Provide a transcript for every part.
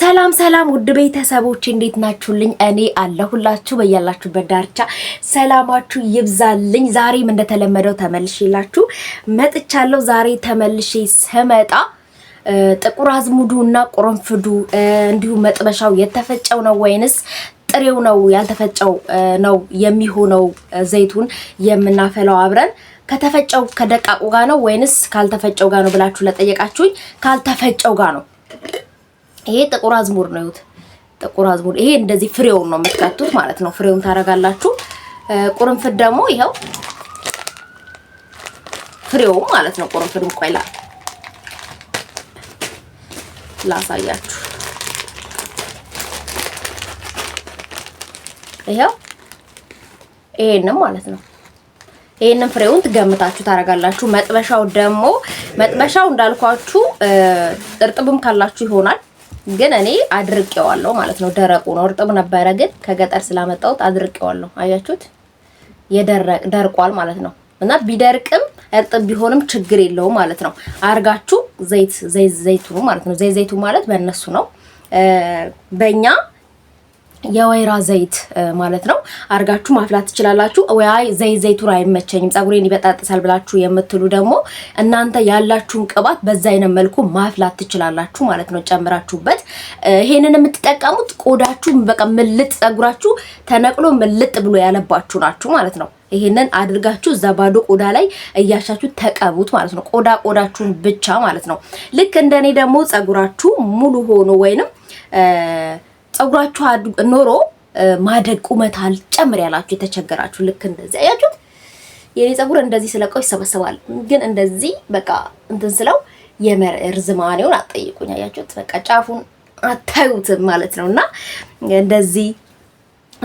ሰላም ሰላም ውድ ቤተሰቦች እንዴት ናችሁልኝ? እኔ አለሁላችሁ በያላችሁበት ዳርቻ ሰላማችሁ ይብዛልኝ። ዛሬም እንደተለመደው ተመልሼላችሁ መጥቻለሁ። ዛሬ ተመልሼ ስመጣ ጥቁር አዝሙዱ እና ቁርንፍዱ እንዲሁም መጥበሻው የተፈጨው ነው ወይንስ ጥሬው ነው ያልተፈጨው ነው የሚሆነው? ዘይቱን የምናፈላው አብረን ከተፈጨው ከደቃቁ ጋር ነው ወይንስ ካልተፈጨው ጋር ነው ብላችሁ ለጠየቃችሁኝ፣ ካልተፈጨው ጋር ነው ይሄ ጥቁር አዝሙር ነው። ይሁት ጥቁር አዝሙር ይሄ እንደዚህ ፍሬውን ነው የምትከቱት ማለት ነው። ፍሬውን ታረጋላችሁ። ቁርንፍድ ደግሞ ይኸው ፍሬው ማለት ነው። ቁርንፍድ ቆይላ ላሳያችሁ። ይኸው ይሄንም ማለት ነው። ይሄንን ፍሬውን ትገምታችሁ ታረጋላችሁ። መጥበሻው ደግሞ መጥበሻው እንዳልኳችሁ እርጥብም ካላችሁ ይሆናል ግን እኔ አድርቄዋለሁ ማለት ነው። ደረቁ ነው፣ እርጥብ ነበረ፣ ግን ከገጠር ስላመጣሁት አድርቄዋለሁ። አያችሁት? የደረቅ ደርቋል ማለት ነው። እና ቢደርቅም እርጥብ ቢሆንም ችግር የለውም ማለት ነው። አርጋችሁ ዘይት ዘይት ዘይቱ ማለት ነው። ዘይት ዘይቱ ማለት በእነሱ ነው በእኛ የወይራ ዘይት ማለት ነው አርጋችሁ ማፍላት ትችላላችሁ። ወይ ዘይት ዘይቱን አይመቸኝም ጸጉሬን ይበጣጥሳል ብላችሁ የምትሉ ደግሞ እናንተ ያላችሁን ቅባት በዛ አይነት መልኩ ማፍላት ትችላላችሁ ማለት ነው ጨምራችሁበት። ይሄንን የምትጠቀሙት ቆዳችሁ በቃ ምልጥ ጸጉራችሁ ተነቅሎ ምልጥ ብሎ ያለባችሁ ናችሁ ማለት ነው። ይሄንን አድርጋችሁ እዛ ባዶ ቆዳ ላይ እያሻችሁ ተቀቡት ማለት ነው። ቆዳ ቆዳችሁን ብቻ ማለት ነው። ልክ እንደኔ ደግሞ ጸጉራችሁ ሙሉ ሆኖ ወይንም ፀጉራችሁ ኖሮ ማደግ ቁመታል ጨምር ያላችሁ የተቸገራችሁ ልክ እንደዚህ አያችሁት። የኔ ፀጉር እንደዚህ ስለቀው ይሰበሰባል፣ ግን እንደዚህ በቃ እንትን ስለው የርዝማኔውን አጠይቁኝ። አያችሁት፣ በቃ ጫፉን አታዩትም ማለት ነው። እና እንደዚህ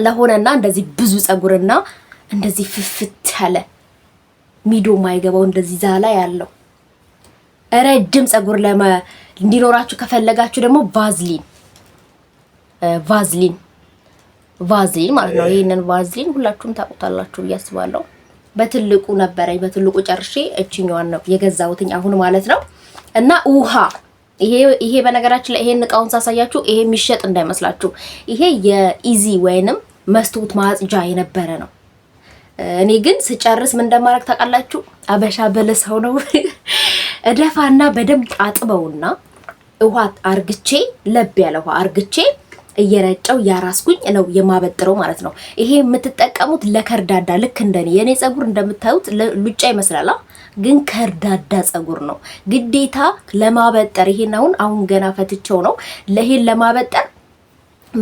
ለሆነና እንደዚህ ብዙ ፀጉርና እንደዚህ ፍፍት ያለ ሚዶ ማይገባው እንደዚህ ዛላ ያለው ረጅም ፀጉር እንዲኖራችሁ ከፈለጋችሁ ደግሞ ቫዝሊን ቫዝሊን ቫዝሊን ማለት ነው። ይህንን ቫዝሊን ሁላችሁም ታውቁታላችሁ ብዬ አስባለሁ። በትልቁ ነበረኝ በትልቁ ጨርሼ እችኛዋን ነው የገዛሁትኝ አሁን ማለት ነው። እና ውሃ ይሄ ይሄ በነገራችን ላይ ይሄን እቃውን ሳሳያችሁ ይሄ የሚሸጥ እንዳይመስላችሁ። ይሄ የኢዚ ወይንም መስታወት ማጽጃ የነበረ ነው። እኔ ግን ስጨርስ ምን እንደማደርግ ታውቃላችሁ? አበሻ በለሰው ነው እደፋና በደንብ አጥበውና ውሃ አርግቼ ለብ ያለ ውሃ አርግቼ እየረጨው ያራስኩኝ ነው የማበጥረው ማለት ነው። ይሄ የምትጠቀሙት ለከርዳዳ ልክ እንደኔ የኔ ጸጉር እንደምታዩት ሉጫ ይመስላል ግን ከርዳዳ ጸጉር ነው። ግዴታ ለማበጠር ይሄን አሁን አሁን ገና ፈትቸው ነው ለይሄን ለማበጠር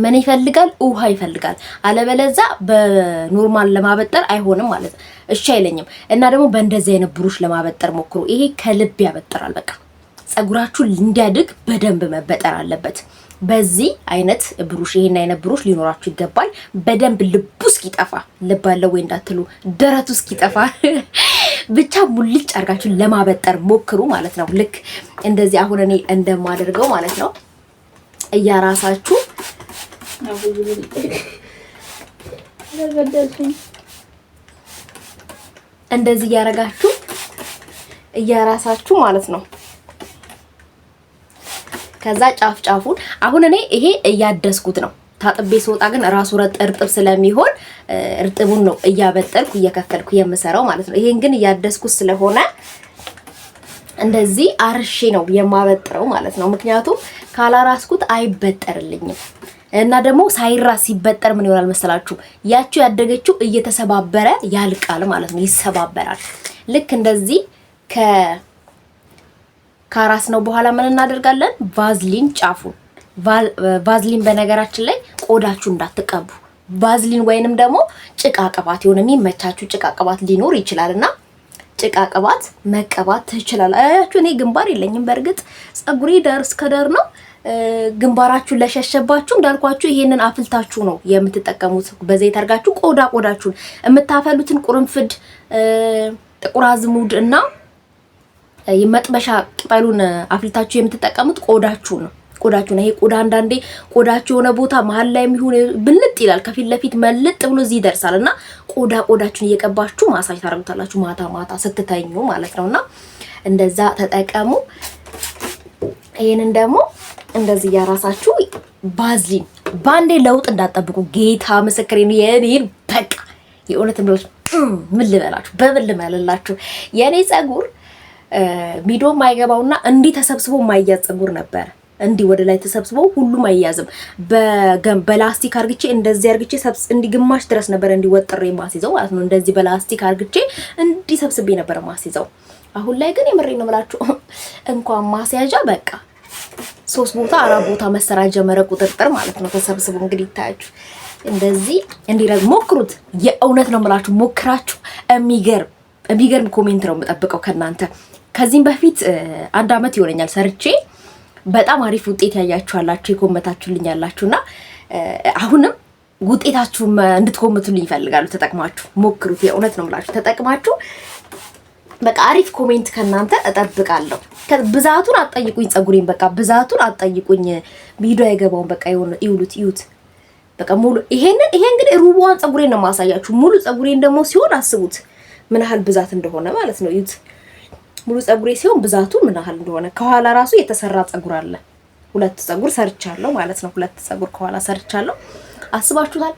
ምን ይፈልጋል? ውሃ ይፈልጋል። አለበለዛ በኖርማል ለማበጠር አይሆንም ማለት ነው። እሺ አይለኝም። እና ደግሞ በእንደዚህ አይነት ብሩሽ ለማበጠር ሞክሩ። ይሄ ከልብ ያበጥራል። በቃ ጸጉራችሁ እንዲያድግ በደንብ መበጠር አለበት። በዚህ አይነት ብሩሽ ይሄን አይነት ብሩሽ ሊኖራችሁ ይገባል። በደንብ ልቡ እስኪጠፋ ልብ አለው ወይ እንዳትሉ ደረቱ እስኪጠፋ ብቻ ሙልጭ አድርጋችሁ ለማበጠር ሞክሩ ማለት ነው። ልክ እንደዚህ አሁን እኔ እንደማደርገው ማለት ነው። እያራሳችሁ እንደዚህ እያረጋችሁ እያራሳችሁ ማለት ነው ከዛ ጫፍ ጫፉን አሁን እኔ ይሄ እያደስኩት ነው። ታጥቤ ስወጣ ግን ራሱ እርጥብ ስለሚሆን እርጥቡን ነው እያበጠልኩ እየከፈልኩ የምሰራው ማለት ነው። ይሄን ግን እያደስኩት ስለሆነ እንደዚህ አርሼ ነው የማበጥረው ማለት ነው። ምክንያቱም ካላራስኩት አይበጠርልኝም እና ደግሞ ሳይራስ ሲበጠር ምን ይሆናል መሰላችሁ? ያቺው ያደገችው እየተሰባበረ ያልቃል ማለት ነው። ይሰባበራል ልክ እንደዚህ ከ ካራስ ነው በኋላ ምን እናደርጋለን? ቫዝሊን ጫፉን ቫዝሊን በነገራችን ላይ ቆዳችሁ እንዳትቀቡ ቫዝሊን ወይንም ደግሞ ጭቃ ቅባት የሆነ የሚመቻችሁ ጭቃ ቅባት ሊኖር ይችላል እና ጭቃ ቅባት መቀባት ትችላል። አያችሁ እኔ ግንባር የለኝም። በእርግጥ ጸጉሬ ዳር እስከ ዳር ነው። ግንባራችሁን ለሸሸባችሁ እንዳልኳችሁ ይሄንን አፍልታችሁ ነው የምትጠቀሙት። በዘይት አድርጋችሁ ቆዳ ቆዳችሁን የምታፈሉትን ቁርንፍድ፣ ጥቁር አዝሙድ እና የመጥበሻ ቅጠሉን አፍልታችሁ የምትጠቀሙት ቆዳችሁ ነው። ቆዳችሁ ነው። ይሄ ቆዳ አንዳንዴ ቆዳችሁ የሆነ ቦታ መሀል ላይ የሚሆን ብልጥ ይላል፣ ከፊት ለፊት መልጥ ብሎ እዚህ ይደርሳል እና ቆዳ ቆዳችሁን እየቀባችሁ ማሳጅ ታደርጉታላችሁ ማታ ማታ ስትተኙ ማለት ነው። እና እንደዛ ተጠቀሙ። ይህንን ደግሞ እንደዚህ እያራሳችሁ ባዝሊን ባንዴ ለውጥ እንዳጠብቁ ጌታ ምስክሬ የኔን በቃ የእውነት ምን ልበላችሁ፣ በምን ልመልላችሁ የእኔ ፀጉር ቪዲዮ ማይገባውና እንዲህ ተሰብስቦ ማያዝ ፀጉር ነበር። እንዲህ ወደ ላይ ተሰብስቦ ሁሉም አያያዝም። በላስቲክ አርግቼ እንደዚህ አርግቼ ሰብስ እንዲህ ግማሽ ድረስ ነበር እንዲህ ወጥሬ ማስይዘው ማለት ነው። እንደዚህ በላስቲክ አርግቼ እንዲህ ሰብስቤ ነበር ማስይዘው። አሁን ላይ ግን የምሬ ነው የምላችሁ እንኳን ማስያዣ በቃ ሶስት ቦታ አራት ቦታ መሰራት ጀመረ። ቁጥጥር ማለት ነው። ተሰብስቦ እንግዲህ ይታያችሁ እንደዚህ እንዲረግ ሞክሩት። የእውነት ነው የምላችሁ ሞክራችሁ የሚገርም የሚገርም ኮሜንት ነው የምጠብቀው ከእናንተ። ከዚህም በፊት አንድ አመት ይሆነኛል ሰርቼ በጣም አሪፍ ውጤት ያያችኋላችሁ የኮመታችሁልኝ ያላችሁ እና አሁንም ውጤታችሁ እንድትኮምቱልኝ ይፈልጋሉ። ተጠቅማችሁ ሞክሩት። የእውነት ነው የምላችሁ። ተጠቅማችሁ በቃ አሪፍ ኮሜንት ከእናንተ እጠብቃለሁ። ብዛቱን አጠይቁኝ፣ ጸጉሬን በቃ ብዛቱን አጠይቁኝ። ቪዲዮ የገባውን በቃ ይውሉት ይዩት። በቃ ሙሉ ይሄንን ይሄን ግን ሩቧን ጸጉሬን ነው የማሳያችሁ። ሙሉ ጸጉሬን ደግሞ ሲሆን አስቡት ምን ያህል ብዛት እንደሆነ ማለት ነው። ይዩት። ሙሉ ፀጉሬ ሲሆን ብዛቱ ምን ያህል እንደሆነ ከኋላ ራሱ የተሰራ ፀጉር አለ። ሁለት ጸጉር ሰርቻለሁ ማለት ነው። ሁለት ፀጉር ከኋላ ሰርቻለሁ። አስባችሁታል?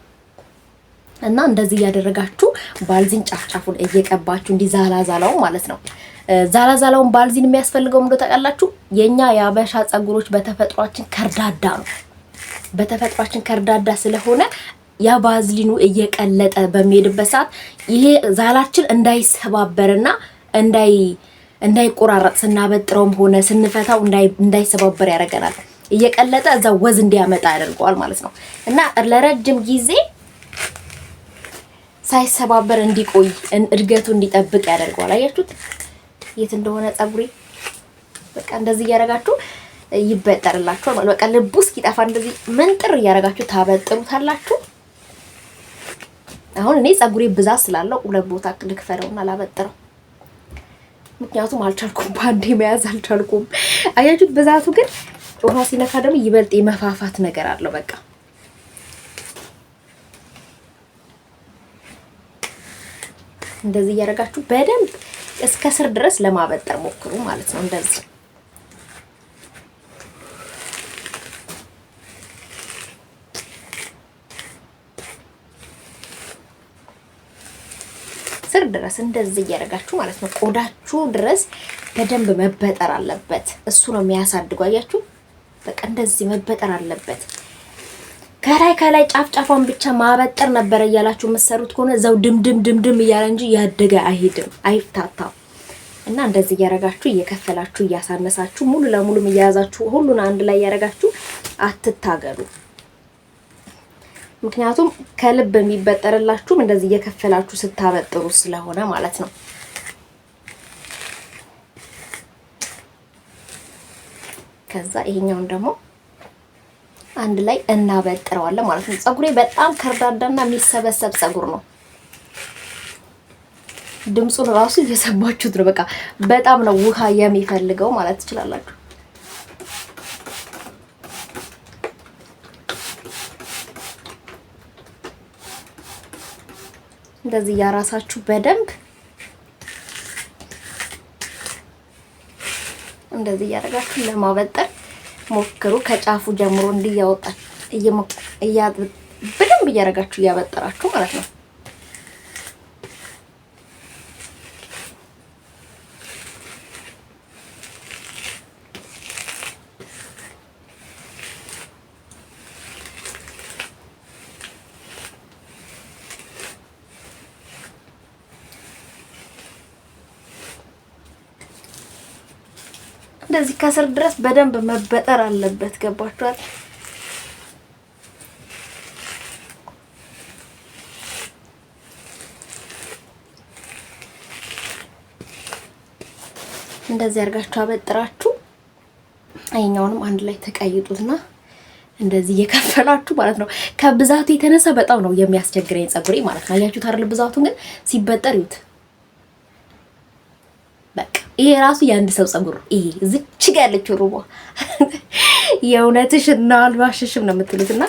እና እንደዚህ እያደረጋችሁ ባልዚን ጫፍጫፉን እየቀባችሁ እንዲህ ዛላ ዛላው ማለት ነው። ዛላ ዛላውን ባልዚን የሚያስፈልገው ምንድነው ታውቃላችሁ? የኛ የአበሻ ፀጉሮች በተፈጥሯችን ከርዳዳ ነው። በተፈጥሯችን ከርዳዳ ስለሆነ ያ ባዝሊኑ እየቀለጠ በሚሄድበት ሰዓት ይሄ ዛላችን እንዳይሰባበርና እንዳይ እንዳይቆራረጥ ስናበጥረውም ሆነ ስንፈታው እንዳይሰባበር ያደርገናል። እየቀለጠ እዛ ወዝ እንዲያመጣ ያደርገዋል ማለት ነው እና ለረጅም ጊዜ ሳይሰባበር እንዲቆይ እድገቱ እንዲጠብቅ ያደርገዋል። አያችሁት የት እንደሆነ ፀጉሬ በቃ እንደዚህ እያደረጋችሁ ይበጠርላችኋል ማለት በቃ ልቡ እስኪጠፋ እንደዚህ ምንጥር እያደረጋችሁ ታበጥሩታላችሁ። አሁን እኔ ፀጉሬ ብዛት ስላለው ሁለት ቦታ ልክፈለውና ላበጥረው። ምክንያቱም አልቻልኩም፣ በአንዴ መያዝ አልቻልኩም። አያችሁት? ብዛቱ ግን ውሃ ሲነካ ደግሞ ይበልጥ የመፋፋት ነገር አለው። በቃ እንደዚህ እያደረጋችሁ በደንብ እስከ ስር ድረስ ለማበጠር ሞክሩ ማለት ነው እንደዚህ ስር ድረስ እንደዚህ እያደረጋችሁ ማለት ነው። ቆዳችሁ ድረስ በደንብ መበጠር አለበት። እሱ ነው የሚያሳድጉ። አያችሁ፣ በቃ እንደዚህ መበጠር አለበት። ከላይ ከላይ ጫፍ ጫፏን ብቻ ማበጠር ነበረ እያላችሁ የምትሰሩት ከሆነ እዛው ድምድም ድምድም እያለ እንጂ ያደገ አይሄድም፣ አይፍታታም። እና እንደዚህ እያረጋችሁ እየከፈላችሁ እያሳነሳችሁ ሙሉ ለሙሉም እያያዛችሁ ሁሉን አንድ ላይ እያረጋችሁ አትታገሉ። ምክንያቱም ከልብ የሚበጠርላችሁም እንደዚህ እየከፈላችሁ ስታበጥሩ ስለሆነ ማለት ነው። ከዛ ይሄኛውን ደግሞ አንድ ላይ እናበጥረዋለን ማለት ነው። ፀጉሬ በጣም ከርዳዳና የሚሰበሰብ ፀጉር ነው። ድምፁን ራሱ እየሰባችሁት ነው። በቃ በጣም ነው ውሃ የሚፈልገው ማለት ትችላላችሁ። እንደዚህ ያራሳችሁ በደንብ እንደዚህ እያደረጋችሁ ለማበጠር ሞክሩ። ከጫፉ ጀምሮ እንዲያወጣ እንዲህ እያ በደንብ እያደረጋችሁ እያበጠራችሁ ማለት ነው። ከስር ድረስ በደንብ መበጠር አለበት። ገባችኋል? እንደዚህ አድርጋችሁ አበጥራችሁ አይኛውንም አንድ ላይ ተቀይጡትና እንደዚህ እየከፈላችሁ ማለት ነው። ከብዛቱ የተነሳ በጣም ነው የሚያስቸግረኝ ጸጉሬ ማለት ነው። አያችሁት አይደል? ብዛቱ ግን ሲበጠር ይዩት። ይሄ ራሱ የአንድ ሰው ጸጉር ይሄ ዝች ጋ ያለችው ሩቧ የእውነትሽ እና አልባሽሽም ነው የምትሉት እና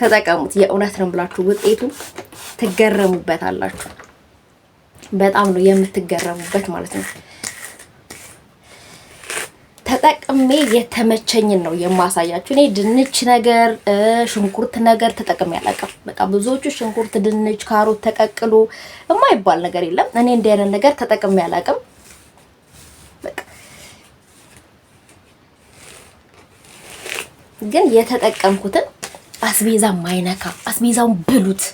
ተጠቀሙት። የእውነት ነው ብላችሁ ውጤቱ ትገረሙበት አላችሁ። በጣም ነው የምትገረሙበት ማለት ነው። ተጠቅሜ የተመቸኝን ነው የማሳያችሁ። እኔ ድንች ነገር ሽንኩርት ነገር ተጠቅሜ አላውቅም። በቃ ብዙዎቹ ሽንኩርት፣ ድንች፣ ካሮት ተቀቅሎ የማይባል ነገር የለም። እኔ እንዲህ አይነት ነገር ተጠቅሜ አላውቅም። ግን የተጠቀምኩትን አስቤዛ ማይነካ አስቤዛውን ብሉት።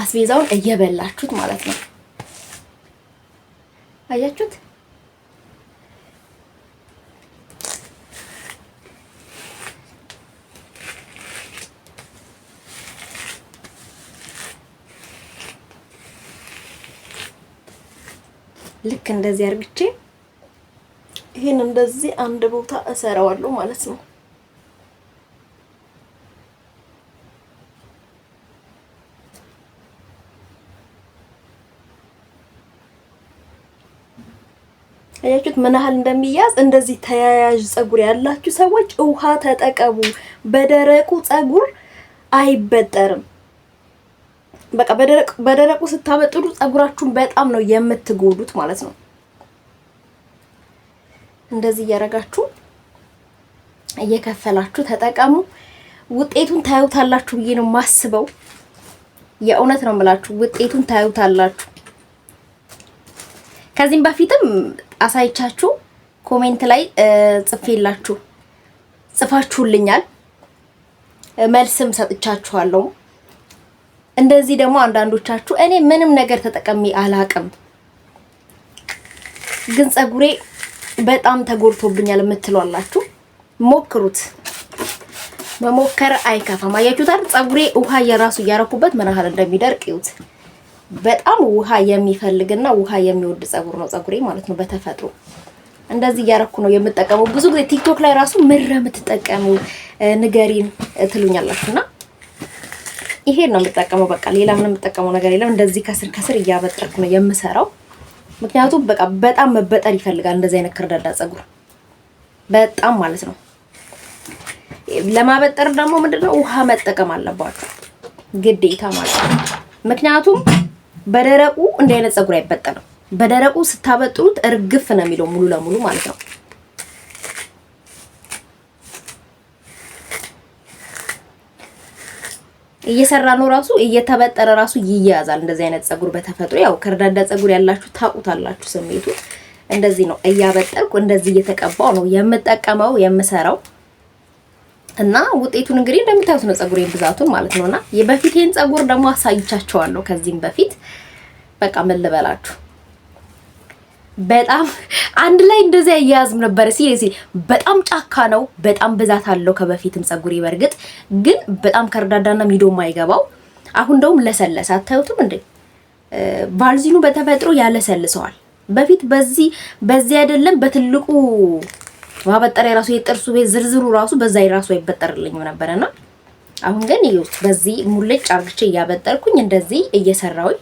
አስቤዛውን እየበላችሁት ማለት ነው። አያችሁት? ልክ እንደዚህ አርግቼ ይህን እንደዚህ አንድ ቦታ እሰራዋለሁ ማለት ነው። ጭቅጭቅ ምን ያህል እንደሚያዝ እንደዚህ ተያያዥ ጸጉር ያላችሁ ሰዎች ውሃ ተጠቀሙ። በደረቁ ጸጉር አይበጠርም። በቃ በደረቁ ስታበጥሩ ጸጉራችሁን በጣም ነው የምትጎዱት ማለት ነው። እንደዚህ እያደረጋችሁ እየከፈላችሁ ተጠቀሙ። ውጤቱን ታዩታላችሁ ብዬ ነው ማስበው። የእውነት ነው የምላችሁ፣ ውጤቱን ታዩታላችሁ። ከዚህም በፊትም አሳይቻችሁ ኮሜንት ላይ ጽፌላችሁ ጽፋችሁልኛል፣ መልስም ሰጥቻችኋለሁ። እንደዚህ ደግሞ አንዳንዶቻችሁ እኔ ምንም ነገር ተጠቀሚ አላቅም ግን ፀጉሬ በጣም ተጎድቶብኛል የምትሏላችሁ ሞክሩት። መሞከር አይከፋም። አያችሁታል? ጸጉሬ ውሃ የራሱ እያረኩበት ምን ያህል እንደሚደርቅ ይዩት። በጣም ውሃ የሚፈልግና ውሃ የሚወድ ፀጉር ነው ጸጉሬ ማለት ነው በተፈጥሮ እንደዚህ እያረኩ ነው የምጠቀመው። ብዙ ጊዜ ቲክቶክ ላይ ራሱ ምራ የምትጠቀሙ ንገሪን ትሉኛላችሁና ይሄ ነው የምጠቀመው። በቃ ሌላ ምንም የምጠቀመው ነገር የለም። እንደዚህ ከስር ከስር እያበጠርኩ ነው የምሰራው። ምክንያቱም በቃ በጣም መበጠር ይፈልጋል እንደዚህ አይነት ክርዳዳ ፀጉር በጣም ማለት ነው። ለማበጠር ደግሞ ምንድነው ውሃ መጠቀም አለባችሁ ግዴታ ማለት ነው። ምክንያቱም በደረቁ እንዲህ አይነት ፀጉር አይበጠንም። በደረቁ ስታበጥሩት እርግፍ ነው የሚለው ሙሉ ለሙሉ ማለት ነው። እየሰራ ነው ራሱ እየተበጠረ ራሱ ይያያዛል። እንደዚህ አይነት ፀጉር በተፈጥሮ ያው ከርዳዳ ፀጉር ያላችሁ ታውቁታላችሁ ስሜቱ። እንደዚህ ነው እያበጠርኩ እንደዚህ እየተቀባው ነው የምጠቀመው የምሰራው። እና ውጤቱን እንግዲህ እንደምታዩት ነው ፀጉሬን ብዛቱን ማለት ነውና የበፊቴን ፀጉር ደግሞ አሳይቻቸዋለሁ። ከዚህም በፊት በቃ ምን ልበላችሁ በጣም አንድ ላይ እንደዚያ እያያዝም ነበር። ሲሪየስሊ በጣም ጫካ ነው፣ በጣም ብዛት አለው ከበፊትም ፀጉሬ። በእርግጥ ግን በጣም ከርዳዳና ሚዶ ማይገባው አሁን እንደውም ለሰለሰ። አታዩትም እንዴ? ባልዚኑ በተፈጥሮ ያለሰልሰዋል። በፊት በዚህ በዚህ አይደለም በትልቁ ማበጠሪያ የራሱ የጥርሱ ቤት ዝርዝሩ ራሱ በዛ የራሱ አይበጠርልኝም ነበረና አሁን ግን ይኸውት በዚህ ሙልጭ አርግቼ እያበጠርኩኝ እንደዚህ እየሰራሁኝ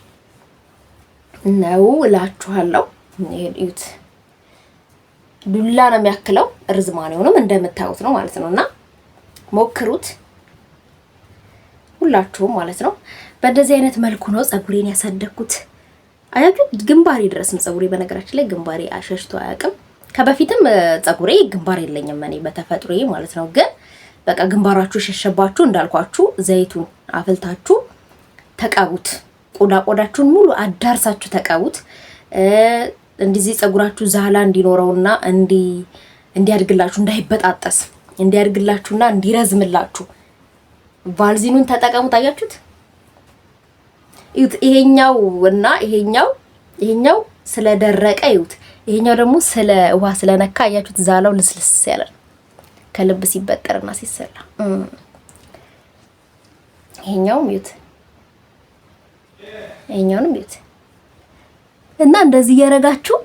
ነው እላችኋለሁ። ይኸውት ዱላ ነው የሚያክለው ርዝማኔውንም እንደምታዩት ነው ማለት ነውና ሞክሩት ሁላችሁም ማለት ነው። በእንደዚህ አይነት መልኩ ነው ፀጉሬን ያሳደግኩት። አያችሁ ግንባሬ ድረስም ፀጉሬ በነገራችን ላይ ግንባሬ አሸሽቶ አያውቅም። ከበፊትም ፀጉሬ ግንባር የለኝም እኔ በተፈጥሮዬ ማለት ነው። ግን በቃ ግንባራችሁ ሸሸባችሁ እንዳልኳችሁ ዘይቱን አፍልታችሁ ተቀቡት። ቆዳ ቆዳችሁን ሙሉ አዳርሳችሁ ተቀቡት። እንዲዚህ ፀጉራችሁ ዛላ እንዲኖረውና እንዲያድግላችሁ እንዳይበጣጠስ እንዲያድግላችሁና እንዲረዝምላችሁ ቫልዚኑን ተጠቀሙት። አያችሁት? ይሄኛው እና ይሄኛው ይሄኛው ስለደረቀ ይሁት ይሄኛው ደግሞ ስለ ውሃ ስለነካ አያችሁት፣ ዛላው ልስልስ ያለ ከልብ ሲበጠርና ሲሰላ። ይሄኛው ሚዩት፣ ይሄኛውንም ሚዩት እና እንደዚህ እያደረጋችሁ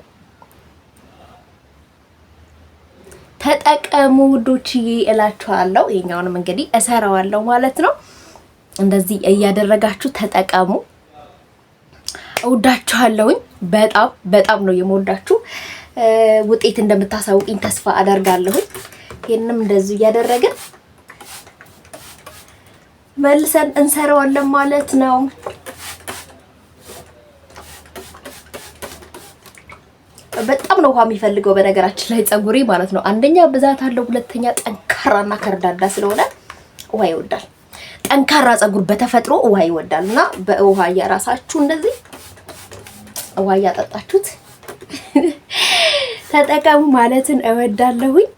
ተጠቀሙ ውዶችዬ እላችኋለሁ። ይሄኛውንም እንግዲህ እሰራዋለሁ ማለት ነው። እንደዚህ እያደረጋችሁ ተጠቀሙ። እወዳችኋለሁኝ። በጣም በጣም ነው የምወዳችሁ። ውጤት እንደምታሳውቅኝ ተስፋ አደርጋለሁኝ። ይህንም እንደዚሁ እያደረግን መልሰን እንሰራዋለን ማለት ነው። በጣም ነው ውሃ የሚፈልገው በነገራችን ላይ ፀጉሬ ማለት ነው። አንደኛ ብዛት አለው፣ ሁለተኛ ጠንካራና ከርዳዳ ስለሆነ ውሃ ይወዳል። ጠንካራ ፀጉር በተፈጥሮ ውሃ ይወዳል እና በውሃ እያራሳችሁ እንደዚህ ውሃ እያጠጣችሁት ተጠቀሙ ማለትን እወዳለሁኝ።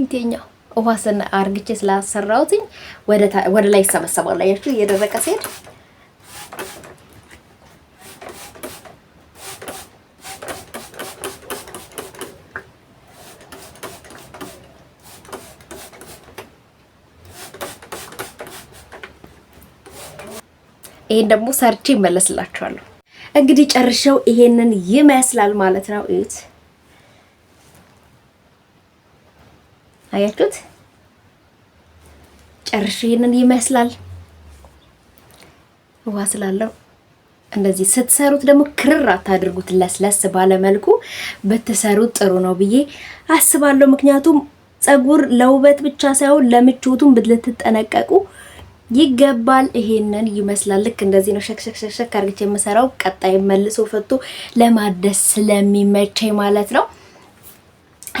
ይተኛው ውሃ ስና አርግቼ ስላሰራሁትኝ ወደ ላይ ይሰበሰባል። አያችሁ እየደረቀ ሲሄድ ይሄን ደግሞ ሰርቼ ይመለስላችኋለሁ። እንግዲህ ጨርሸው ይሄንን ይመስላል ማለት ነው። እዩት፣ አያችሁት? ጨርሼ ይሄንን ይመስላል። ውሃ ስላለው እንደዚህ ስትሰሩት ደግሞ ክርር አታድርጉት። ለስለስ ባለ መልኩ ብትሰሩት ጥሩ ነው ብዬ አስባለሁ። ምክንያቱም ፀጉር ለውበት ብቻ ሳይሆን ለምቾቱም ብትጠነቀቁ ይገባል። ይሄንን ይመስላል። ልክ እንደዚህ ነው ሸክሸክሸክ አርግቼ የምሰራው። ቀጣይ መልሶ ፈቶ ለማደስ ስለሚመቸኝ ማለት ነው።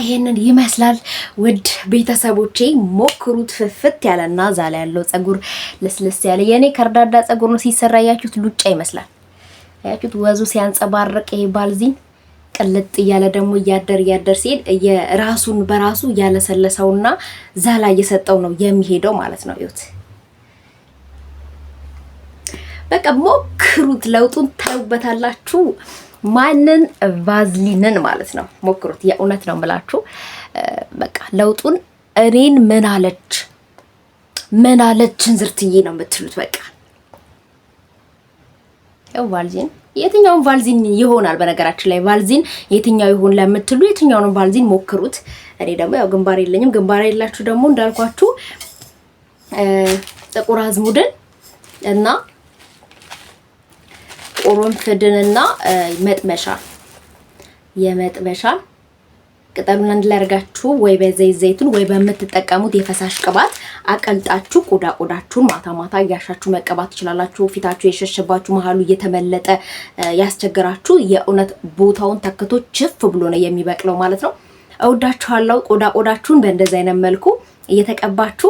ይሄንን ይመስላል። ውድ ቤተሰቦቼ ሞክሩት። ፍፍት ያለና ዛላ ያለው ጸጉር ልስልስ ያለ የኔ ከርዳዳ ጸጉር ነው። ሲሰራ ያችሁት ሉጫ ይመስላል። ያችሁት ወዙ ሲያንጸባርቅ ይሄ ባልዚን ቅልጥ እያለ ደግሞ እያደር እያደር ሲሄድ የራሱን በራሱ እያለሰለሰውና ዛላ እየሰጠው ነው የሚሄደው ማለት ነው ይሁት በቃ ሞክሩት፣ ለውጡን ታዩበታላችሁ። ማንን? ቫዝሊንን ማለት ነው። ሞክሩት። የእውነት ነው ምላችሁ። በቃ ለውጡን እኔን ምን አለች ምን አለች እንዝርትዬ ነው የምትሉት። በቃ ያው ቫልዚን የትኛውን ቫልዚን ይሆናል። በነገራችን ላይ ቫልዚን የትኛው ይሆን ለምትሉ የትኛውን ቫልዚን ሞክሩት። እኔ ደግሞ ያው ግንባር የለኝም። ግንባር የላችሁ ደግሞ እንዳልኳችሁ ጥቁር አዝሙድን እና ቁርንፍድንና መጥበሻ የመጥበሻ ቅጠሉን አንድ ላይ አድርጋችሁ ወይ በዘይት ዘይቱን ወይ በምትጠቀሙት የፈሳሽ ቅባት አቀልጣችሁ ቆዳ ቆዳችሁን ማታ ማታ እያሻችሁ መቀባት ትችላላችሁ። ፊታችሁ የሸሸባችሁ መሀሉ እየተመለጠ ያስቸግራችሁ የእውነት ቦታውን ተክቶ ችፍ ብሎ ነው የሚበቅለው ማለት ነው። እወዳችኋለሁ። ቆዳ ቆዳችሁን በእንደዚህ አይነት መልኩ እየተቀባችሁ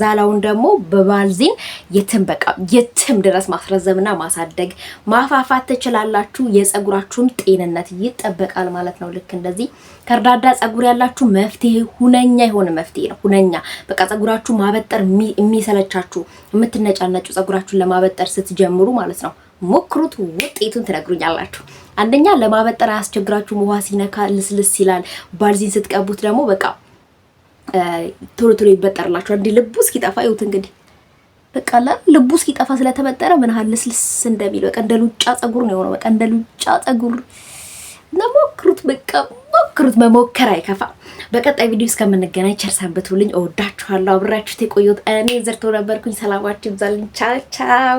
ዛላውን ደግሞ በባልዚን የትም በቃ የትም ድረስ ማስረዘምና ማሳደግ ማፋፋት ትችላላችሁ። የፀጉራችሁን ጤንነት ይጠበቃል ማለት ነው። ልክ እንደዚህ ከርዳዳ ፀጉር ያላችሁ መፍትሄ ሁነኛ የሆነ መፍትሄ ነው። ሁነኛ በቃ ፀጉራችሁ ማበጠር የሚሰለቻችሁ የምትነጫነጩ ፀጉራችሁን ለማበጠር ስትጀምሩ ማለት ነው ሞክሩት፣ ውጤቱን ትነግሩኛላችሁ። አንደኛ ለማበጠር አያስቸግራችሁም። ውሃ ሲነካ ልስልስ ይላል። ባልዚን ስትቀቡት ደግሞ በቃ ቶሎ ቶሎ ይበጠርላችኋል። እንዲህ ልቡ እስኪጠፋ ይሁት እንግዲህ በቃ ልቡ እስኪጠፋ ስለተበጠረ ምን ያህል ልስልስ እንደሚል በቃ እንደ ሉጫ ጸጉር ነው የሆነው። በቃ እንደ ሉጫ ጸጉር ነው። ሞክሩት፣ በቃ ሞክሩት። መሞከር አይከፋ። በቀጣይ ቪዲዮ እስከምንገናኝ ቸር ሰንብቱልኝ። እወዳችኋለሁ። አብራችሁት የቆየሁት እኔ ዘርቶ ነበርኩኝ። ሰላማችሁ ይብዛልኝ። ቻው ቻው።